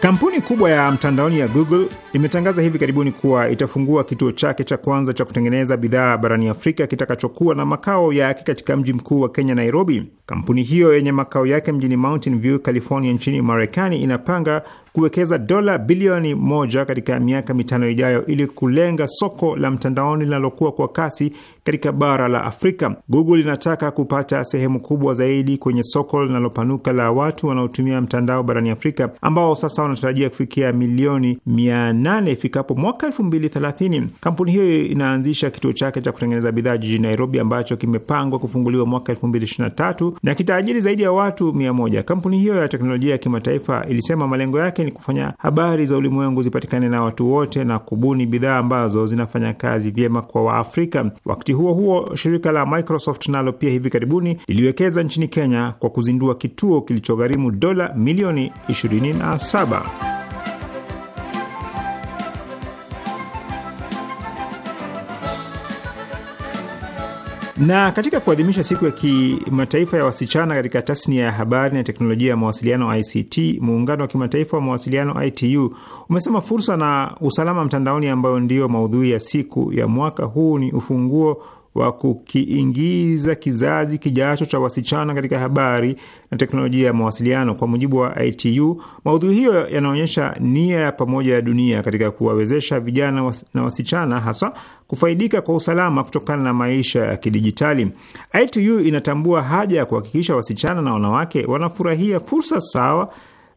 Kampuni kubwa ya mtandaoni ya Google imetangaza hivi karibuni kuwa itafungua kituo chake cha kwanza cha kutengeneza bidhaa barani Afrika kitakachokuwa na makao yake katika mji mkuu wa Kenya, Nairobi. Kampuni hiyo yenye makao yake mjini Mountain View, California, nchini Marekani inapanga kuwekeza dola bilioni moja katika miaka mitano ijayo ili kulenga soko la mtandaoni linalokuwa kwa kasi katika bara la Afrika. Google inataka kupata sehemu kubwa zaidi kwenye soko linalopanuka la watu wanaotumia mtandao barani Afrika, ambao sasa wanatarajia kufikia milioni 800 ifikapo mwaka 2030. Kampuni hiyo inaanzisha kituo chake cha kutengeneza bidhaa jijini Nairobi ambacho kimepangwa kufunguliwa mwaka 2023 na kitaajiri zaidi ya watu 100. Kampuni hiyo ya teknolojia ya kimataifa ilisema malengo yake ni kufanya habari za ulimwengu zipatikane na watu wote na kubuni bidhaa ambazo zinafanya kazi vyema kwa Waafrika. Wakati Wakati huo huo, shirika la Microsoft nalo pia hivi karibuni liliwekeza nchini Kenya kwa kuzindua kituo kilichogharimu dola milioni 27. Na katika kuadhimisha siku ya kimataifa ya wasichana katika tasnia ya habari na teknolojia ya mawasiliano ICT, muungano wa kimataifa wa mawasiliano ITU umesema fursa na usalama mtandaoni, ambayo ndiyo maudhui ya siku ya mwaka huu, ni ufunguo wa kukiingiza kizazi kijacho cha wasichana katika habari na teknolojia ya mawasiliano. Kwa mujibu wa ITU, maudhui hiyo yanaonyesha nia ya pamoja ya dunia katika kuwawezesha vijana na wasichana haswa kufaidika kwa usalama kutokana na maisha ya kidijitali. ITU inatambua haja ya kuhakikisha wasichana na wanawake wanafurahia fursa sawa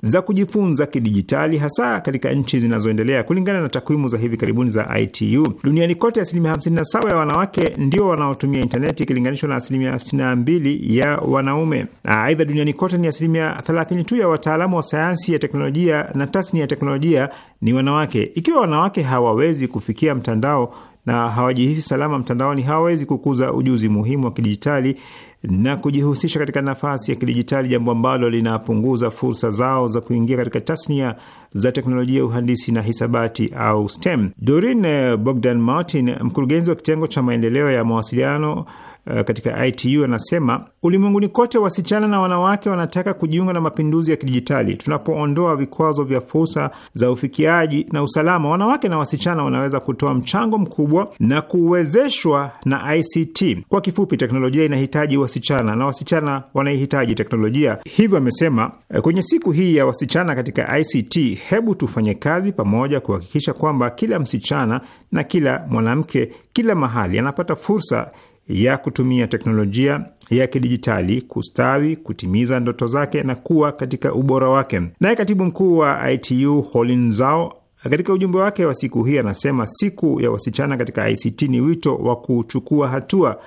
za kujifunza kidijitali hasa katika nchi zinazoendelea. Kulingana na takwimu za hivi karibuni za ITU, duniani kote asilimia 57 ya wanawake ndio wanaotumia intaneti ikilinganishwa na asilimia 62 ya wanaume. Aidha, duniani kote ni asilimia 30 tu ya wataalamu wa sayansi ya teknolojia na tasnia ya teknolojia ni wanawake. Ikiwa wanawake hawawezi kufikia mtandao na hawajihisi salama mtandaoni, hawawezi kukuza ujuzi muhimu wa kidijitali na kujihusisha katika nafasi ya kidijitali, jambo ambalo linapunguza fursa zao za kuingia katika tasnia za teknolojia, uhandisi na hisabati au STEM. Dorin eh, Bogdan Martin, mkurugenzi wa kitengo cha maendeleo ya mawasiliano eh, katika ITU anasema ulimwenguni kote wasichana na wanawake wanataka kujiunga na mapinduzi ya kidijitali. Tunapoondoa vikwazo vya fursa za ufikiaji na usalama, wanawake na wasichana wanaweza kutoa mchango mkubwa na kuwezeshwa na ICT. Kwa kifupi, teknolojia inahitaji wasichana na wasichana wanaihitaji teknolojia. Hivyo amesema eh, kwenye siku hii ya wasichana katika ICT, hebu tufanye kazi pamoja kuhakikisha kwamba kila msichana na kila mwanamke kila mahali anapata fursa ya kutumia teknolojia ya kidijitali kustawi, kutimiza ndoto zake na kuwa katika ubora wake. Naye katibu mkuu wa ITU Zao katika ujumbe wake wa siku hii anasema siku ya wasichana katika ICT ni wito wa kuchukua hatua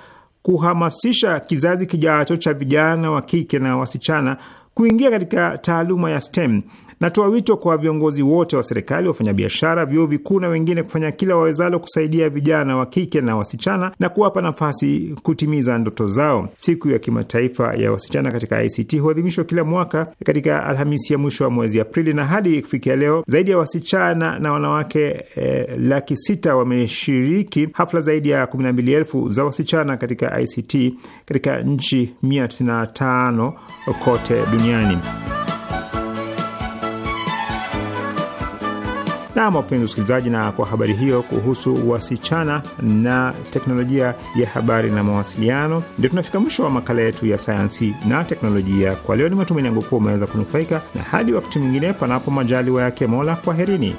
kuhamasisha kizazi kijacho cha vijana wa kike na wasichana kuingia katika taaluma ya STEM Natoa wito kwa viongozi wote wa serikali, wafanyabiashara, vyuo vikuu na wengine kufanya kila wawezalo kusaidia vijana wa kike na wasichana na kuwapa nafasi kutimiza ndoto zao. Siku ya kimataifa ya wasichana katika ICT huadhimishwa kila mwaka katika Alhamisi ya mwisho wa mwezi Aprili, na hadi kufikia leo zaidi ya wasichana na wanawake eh, laki sita wameshiriki hafla zaidi ya elfu za wasichana katika ICT katika nchi 195 kote duniani. Naam, wapenzi usikilizaji, na kwa habari hiyo kuhusu wasichana na teknolojia ya habari na mawasiliano, ndio tunafika mwisho wa makala yetu ya sayansi na teknolojia kwa leo. Ni matumaini yangu kuwa umeweza kunufaika, na hadi wakati mwingine, panapo majaliwa yake Mola, kwaherini.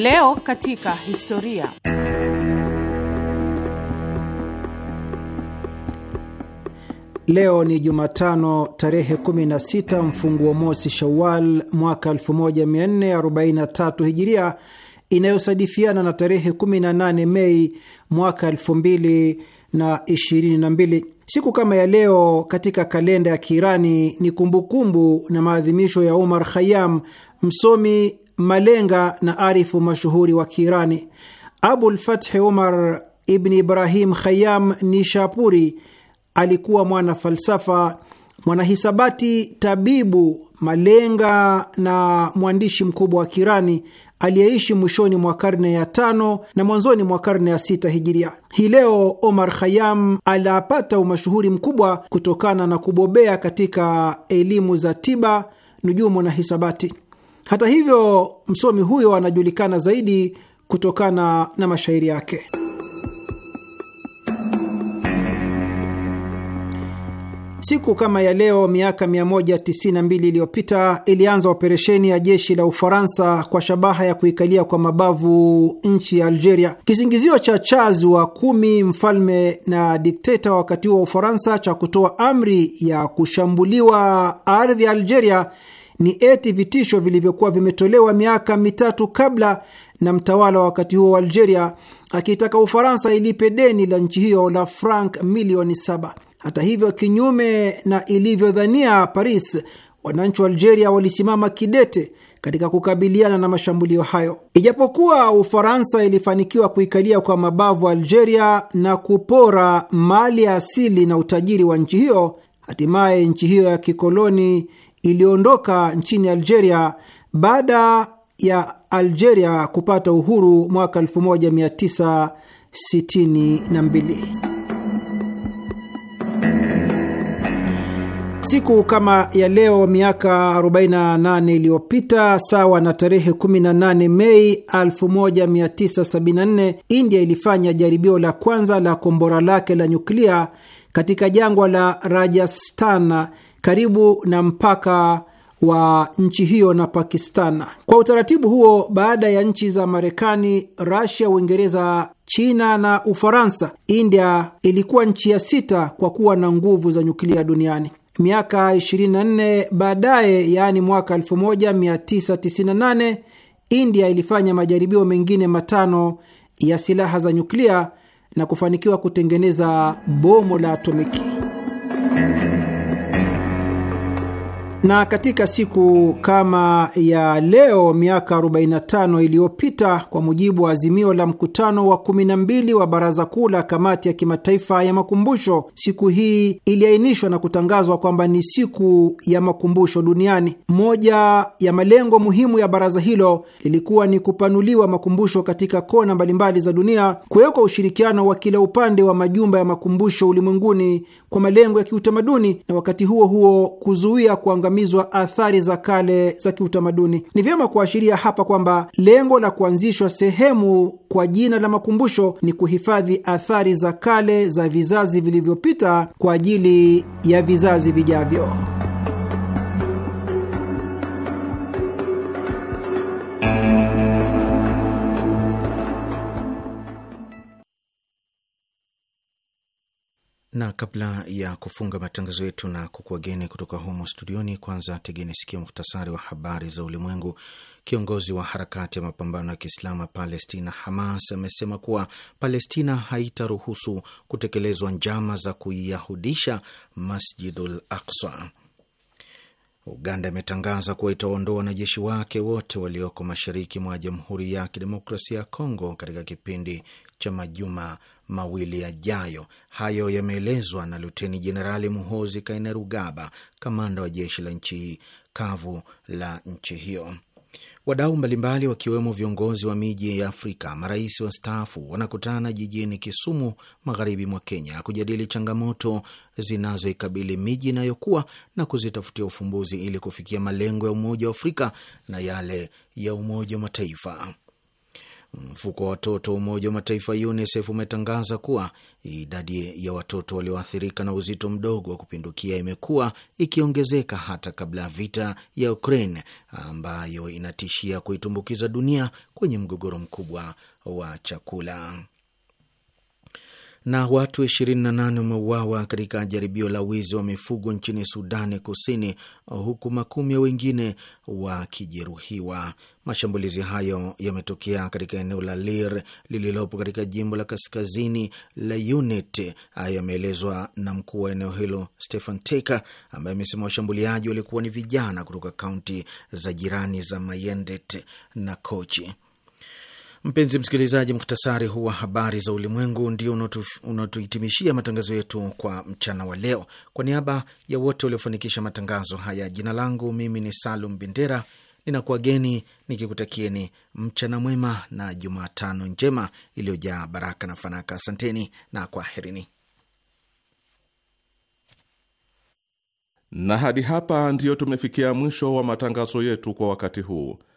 Leo katika historia. Leo ni Jumatano tarehe 16 mfunguo mosi Shawal mwaka 1443 Hijiria, inayosadifiana na tarehe 18 Mei mwaka 2022. Siku kama ya leo katika kalenda ya Kiirani ni kumbukumbu na maadhimisho ya Omar Khayam, msomi malenga na arifu mashuhuri wa Kiirani. Abulfathi Umar ibni Ibrahim Khayam Nishapuri alikuwa mwana falsafa, mwanahisabati, tabibu, malenga na mwandishi mkubwa wa Kirani aliyeishi mwishoni mwa karne ya tano na mwanzoni mwa karne ya sita hijiria. Hii leo Omar Khayam alipata umashuhuri mkubwa kutokana na kubobea katika elimu za tiba, nujumu na hisabati. Hata hivyo, msomi huyo anajulikana zaidi kutokana na mashairi yake. Siku kama ya leo miaka 192 iliyopita ilianza operesheni ya jeshi la Ufaransa kwa shabaha ya kuikalia kwa mabavu nchi ya Algeria. Kisingizio cha Charles wa kumi, mfalme na dikteta wakati huo wa Ufaransa, cha kutoa amri ya kushambuliwa ardhi ya Algeria ni eti vitisho vilivyokuwa vimetolewa miaka mitatu kabla na mtawala wa wakati huo wa Algeria akiitaka Ufaransa ilipe deni la nchi hiyo la franc milioni saba. Hata hivyo, kinyume na ilivyodhania Paris, wananchi wa Algeria walisimama kidete katika kukabiliana na mashambulio hayo. Ijapokuwa Ufaransa ilifanikiwa kuikalia kwa mabavu Algeria na kupora mali ya asili na utajiri wa nchi hiyo, hatimaye nchi hiyo ya kikoloni iliondoka nchini Algeria baada ya Algeria kupata uhuru mwaka 1962. Siku kama ya leo miaka 48 iliyopita, sawa na tarehe 18 Mei 1974, India ilifanya jaribio la kwanza la kombora lake la nyuklia katika jangwa la Rajasthan karibu na mpaka wa nchi hiyo na Pakistan. Kwa utaratibu huo, baada ya nchi za Marekani, Rasia, Uingereza, China na Ufaransa, India ilikuwa nchi ya sita kwa kuwa na nguvu za nyuklia duniani. Miaka 24 baadaye, yaani mwaka 1998, India ilifanya majaribio mengine matano ya silaha za nyuklia na kufanikiwa kutengeneza bomu la atomiki. Na katika siku kama ya leo miaka 45 iliyopita, kwa mujibu wa azimio la mkutano wa 12 wa Baraza Kuu la Kamati ya Kimataifa ya Makumbusho, siku hii iliainishwa na kutangazwa kwamba ni siku ya makumbusho duniani. Moja ya malengo muhimu ya baraza hilo lilikuwa ni kupanuliwa makumbusho katika kona mbalimbali za dunia, kuwekwa ushirikiano wa kila upande wa majumba ya makumbusho ulimwenguni kwa malengo ya kiutamaduni, na wakati huo huo kuzuia kuanga kuangamizwa athari za kale za kiutamaduni. Ni vyema kuashiria hapa kwamba lengo la kuanzishwa sehemu kwa jina la makumbusho ni kuhifadhi athari za kale za vizazi vilivyopita kwa ajili ya vizazi vijavyo. na kabla ya kufunga matangazo yetu na kukuageni kutoka humo studioni, kwanza tegeni sikia muhtasari wa habari za ulimwengu. Kiongozi wa harakati ya mapambano ya Kiislamu ya Palestina, Hamas, amesema kuwa Palestina haitaruhusu kutekelezwa njama za kuiyahudisha Masjidul Aqsa. Uganda imetangaza kuwa itaondoa wanajeshi wake wote walioko mashariki mwa Jamhuri ya Kidemokrasia ya Kongo katika kipindi cha majuma mawili yajayo. Hayo yameelezwa na Luteni Jenerali Muhozi Kainerugaba, kamanda wa jeshi la nchi kavu la nchi hiyo. Wadau mbalimbali wakiwemo viongozi wa miji ya Afrika, marais wa staafu wanakutana jijini Kisumu, magharibi mwa Kenya, kujadili changamoto zinazoikabili miji inayokuwa na kuzitafutia ufumbuzi ili kufikia malengo ya Umoja wa Afrika na yale ya Umoja wa Mataifa. Mfuko wa watoto wa Umoja wa Mataifa UNICEF umetangaza kuwa idadi ya watoto walioathirika na uzito mdogo wa kupindukia imekuwa ikiongezeka hata kabla ya vita ya Ukraine ambayo inatishia kuitumbukiza dunia kwenye mgogoro mkubwa wa chakula na watu 28 wameuawa katika jaribio la wizi wa mifugo nchini Sudani Kusini, huku makumi wengine wakijeruhiwa. Mashambulizi hayo yametokea katika eneo la Lir lililopo katika jimbo la kaskazini la unit Hayo yameelezwa na mkuu wa eneo hilo Stephen Taker, ambaye amesema washambuliaji walikuwa ni vijana kutoka kaunti za jirani za Mayendet na Kochi. Mpenzi msikilizaji, mktasari huu wa habari za ulimwengu ndio unaotuhitimishia matangazo yetu kwa mchana wa leo. Kwa niaba ya wote waliofanikisha matangazo haya, jina langu mimi ni Salum Bendera, ninakuwageni nikikutakieni mchana mwema na Jumatano njema iliyojaa baraka na fanaka. Asanteni na kwaherini. Na hadi hapa ndiyo tumefikia mwisho wa matangazo yetu kwa wakati huu.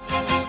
Música